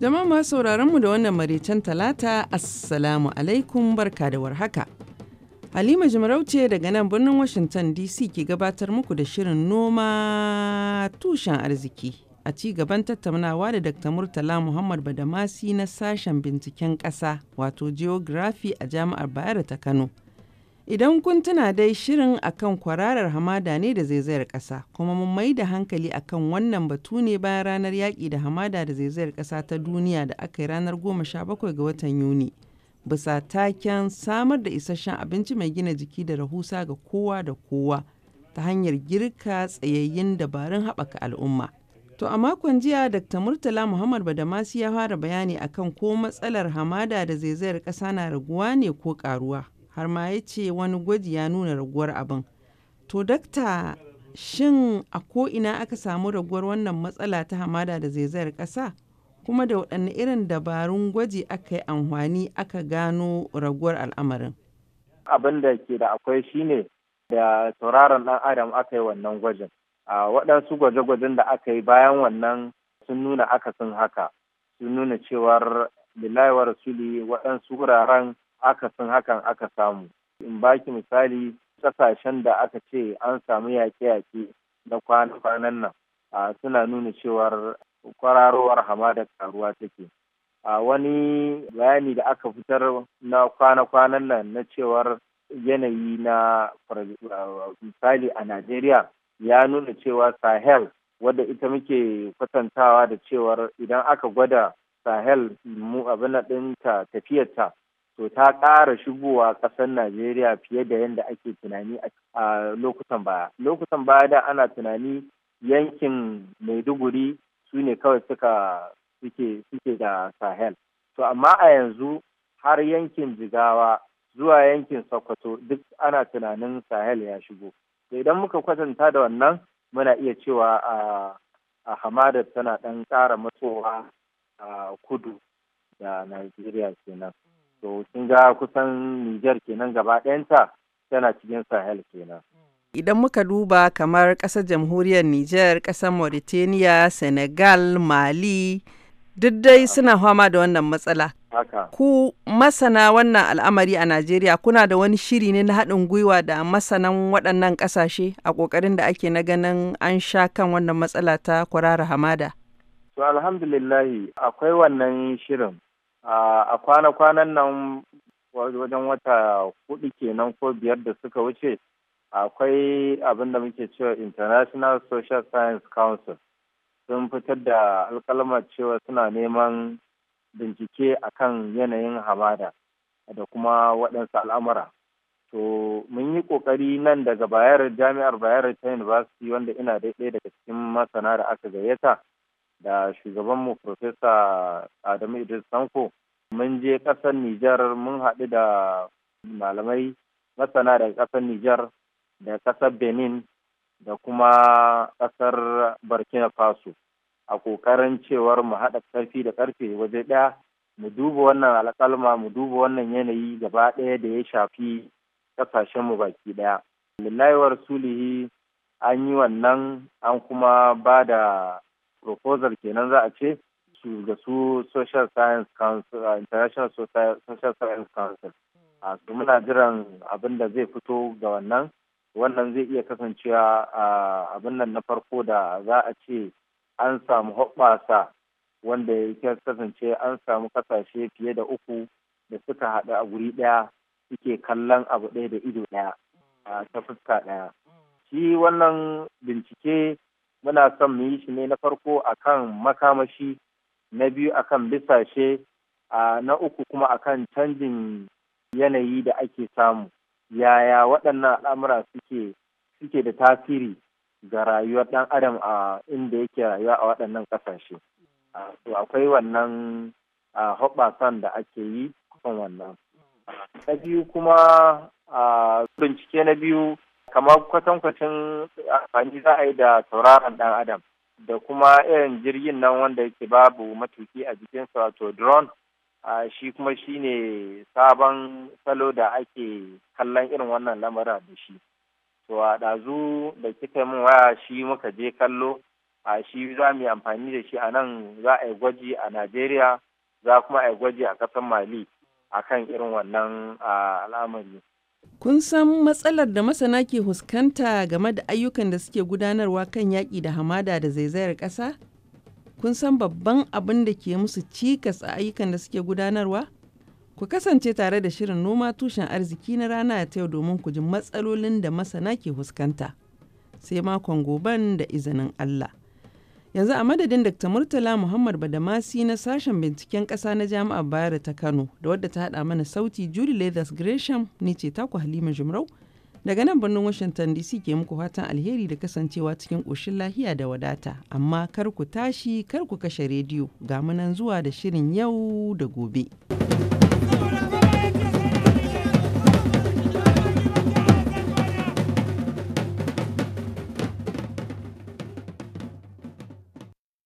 Jama'a masu sauraron mu da wannan maraicen talata Assalamu alaikum barka da warhaka. Halima Jimarauce daga nan birnin Washington DC ke gabatar muku da shirin noma tushen arziki a ci gaban tattaunawa da Dr. Murtala Muhammad Badamasi na sashen binciken ƙasa wato Geography a Jami'ar Bayero ta Kano. Idan kun tuna dai shirin akan kwararar hamada ne da zaizayar ƙasa, kuma mun mai da hankali akan wannan batu ne bayan ranar yaƙi da hamada da zaizayar ƙasa ta duniya da aka yi ranar 17 ga watan Yuni. Bisa taken samar da isasshen abinci mai gina jiki da rahusa ga kowa da kowa ta hanyar girka tsayayyin dabarun haɓaka al'umma. To a makon jiya Dr. Murtala Muhammad Badamasi ya fara bayani akan ko matsalar hamada da zaizayar ƙasa na raguwa ne ko ƙaruwa. har ma ya ce wani gwaji ya nuna raguwar abin. To dakta shin a ko'ina aka samu raguwar wannan matsala ta hamada da zaizayar ƙasa? Kuma da waɗanne irin dabarun gwaji aka yi amfani aka gano raguwar al'amarin? Abin da ke da akwai shine da tauraron ɗan adam aka yi wannan gwajin. A waɗansu gwaje-gwajen da aka yi bayan wannan sun nuna akasin haka, sun nuna cewar bilayi rasuli waɗansu wuraren aka san hakan aka samu in baki misali kasashen da aka ce an samu yaƙe-yaƙe na kwanan nan suna nuna cewar kwararowar hamada karuwa take a wani bayani da aka fitar na kwana-kwanan nan na cewar yanayi na misali a najeriya ya nuna cewa sahel wadda ita muke kwatantawa da cewar idan aka gwada sahel mu abin ɗinta tafiyarta to ta ƙara shigowa ƙasar Najeriya fiye da yadda ake tunani a lokutan baya. Lokutan baya da ana tunani yankin Maiduguri su ne kawai suka suke da Sahel. To amma a yanzu har yankin Jigawa zuwa yankin Sokoto duk ana tunanin Sahel ya shigo. To idan muka kwatanta da wannan muna iya cewa a hamadar tana ɗan ƙara matsowa a kudu da Najeriya kenan. to sun ga kusan Nijar kenan gaba ɗayanta tana cikin Sahel kenan. Idan muka duba kamar ƙasar jamhuriyar Nijar, ƙasar Mauritania, Senegal, Mali, duk dai suna fama da wannan matsala. Ku masana wannan al'amari a Najeriya kuna da wani shiri ne na haɗin gwiwa da masanan waɗannan ƙasashe a ƙoƙarin da ake na ganin an sha kan wannan matsala ta kwarara hamada. To alhamdulillahi akwai wannan shirin a kwana-kwanan nan wajen wata hudu kenan ko biyar da suka wuce akwai abin da muke cewa international social science council sun fitar da alkalmar cewa suna neman bincike akan yanayin hamada da kuma waɗansu al'amura to mun yi ƙoƙari nan daga bayar jami'ar bayar ta university wanda ina daidai daga cikin masana da aka gayyata da shugabanmu Profesa Adamu Idris Sanko mun je ƙasar Nijar mun haɗu da malamai masana daga ƙasar Nijar da ƙasar Benin da kuma ƙasar Burkina Faso a ƙoƙarin cewar mu haɗa ƙarfi da ƙarfe waje ɗaya mu duba wannan alƙalma mu duba wannan yanayi gaba ɗaya da ya shafi ƙasashenmu baki ɗaya. Lillahi wa rasulihi an yi wannan an kuma ba da proposal kenan za a ce ga su social science council international social science council a su muna jiran abin da zai fito ga wannan wannan zai iya kasancewa abin nan na farko da za a ce an samu hoɓɓasa wanda ya kasance an samu kasashe fiye da uku da suka haɗu a guri ɗaya suke kallon abu ɗaya da ido ɗaya ta fuska ɗaya shi wannan bincike muna son mu yi shi ne na farko akan makamashi na biyu akan bisashe na uku kuma akan canjin yanayi da ake samu yaya waɗannan al'amura suke da tasiri ga rayuwar ɗan adam a inda yake rayuwa a waɗannan ƙasashe akwai wannan hoɓasan da ake yi kusan wannan na biyu kuma bincike na biyu kamar kwatankwacin amfani za a yi da tauraron dan adam da kuma irin jirgin nan wanda yake babu matuki a jikinsa wato drone shi kuma shi ne sabon salo da ake kallon irin wannan lamura da shi to a ɗazu da kika min waya shi muka je kallo a shi za mu yi amfani da shi a nan za a yi gwaji a najeriya za kuma a yi gwaji a ƙasar mali a kan irin wannan al'amari Kun san matsalar da masana ke fuskanta game da ayyukan da suke gudanarwa kan yaƙi da hamada da zaizayar ƙasa? Kun san babban abin da ke musu cikas a ayyukan da suke gudanarwa? Ku kasance tare da shirin noma tushen arziki na rana ta yau domin ku ji matsalolin da masana ke fuskanta. Sai makon goben da izinin Allah. Yanzu a madadin Dr. Murtala Muhammad Badamasi na sashen binciken ƙasa na Jami'ar da ta Kano da wadda ta haɗa mana sauti Julie Leathers Gresham ni ce taku Halima Jumrau daga nan birnin Washington DC ke muku fatan alheri da kasancewa cikin ƙoshin lahiya da wadata amma kar ku tashi kar ku kashe rediyo ga munan zuwa da shirin yau da gobe.